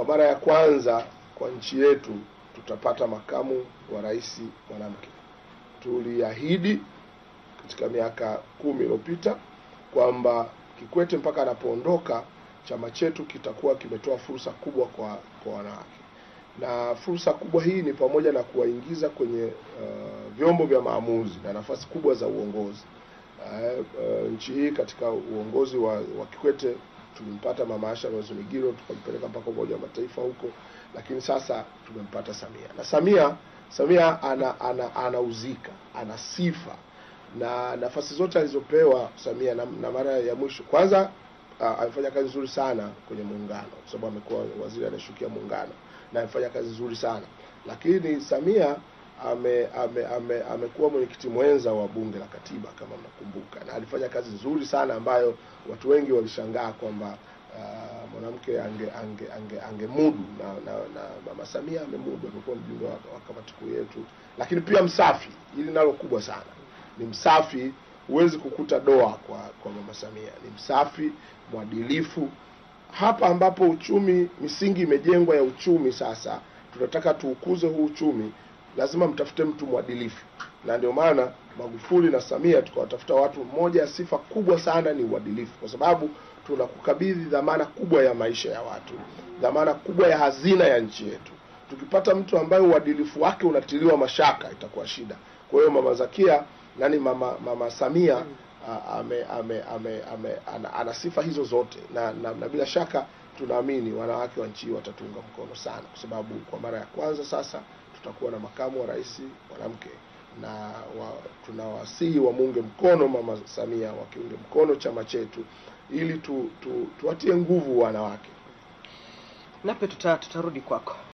kwa mara ya kwanza kwa nchi yetu tutapata makamu wa rais mwanamke. Tuliahidi katika miaka kumi iliyopita kwamba Kikwete mpaka anapoondoka chama chetu kitakuwa kimetoa fursa kubwa kwa, kwa wanawake na fursa kubwa hii ni pamoja na kuwaingiza kwenye uh, vyombo vya maamuzi na nafasi kubwa za uongozi. Uh, uh, nchi hii katika uongozi wa, wa Kikwete Tulimpata mama Asha Migiro, tukampeleka mpaka Umoja wa Mataifa huko, lakini sasa tumempata Samia na Samia Samia ana, ana, anauzika ana sifa na nafasi zote alizopewa Samia na, na mara ya mwisho kwanza amefanya kazi nzuri sana kwenye muungano kwa sababu amekuwa waziri anayeshukia muungano na amefanya kazi nzuri sana lakini Samia amekuwa ame, ame, ame mwenyekiti mwenza wa bunge la katiba kama mnakumbuka, na alifanya kazi nzuri sana ambayo watu wengi walishangaa kwamba uh, mwanamke ange, ange, ange, angemudu na, na, na mama Samia amemudu, amekuwa mjumbe wa, wa kamati kuu yetu, lakini pia msafi. Hili nalo kubwa sana, ni msafi. Huwezi kukuta doa kwa kwa mama Samia, ni msafi, mwadilifu. Hapa ambapo uchumi, misingi imejengwa ya uchumi, sasa tunataka tuukuze huu uchumi lazima mtafute mtu mwadilifu, na ndio maana Magufuli na Samia tukawatafuta watu. Mmoja ya sifa kubwa sana ni uadilifu, kwa sababu tunakukabidhi dhamana kubwa ya maisha ya watu, dhamana kubwa ya hazina ya nchi yetu. Tukipata mtu ambaye uadilifu wake unatiliwa mashaka, itakuwa shida. Kwa hiyo mama Zakia nani, mama mama Samia ame, ame, ame, ame, ana, ana sifa hizo zote na, na, na bila shaka tunaamini wanawake wa nchi hii watatuunga mkono sana, kwa sababu kwa mara ya kwanza sasa tutakuwa na makamu wa rais mwanamke na wa, tunawasihi wamuunge mkono Mama Samia, wakiunge mkono chama chetu ili tu, tu, tuwatie nguvu wanawake. Nape, tuta, tutarudi kwako.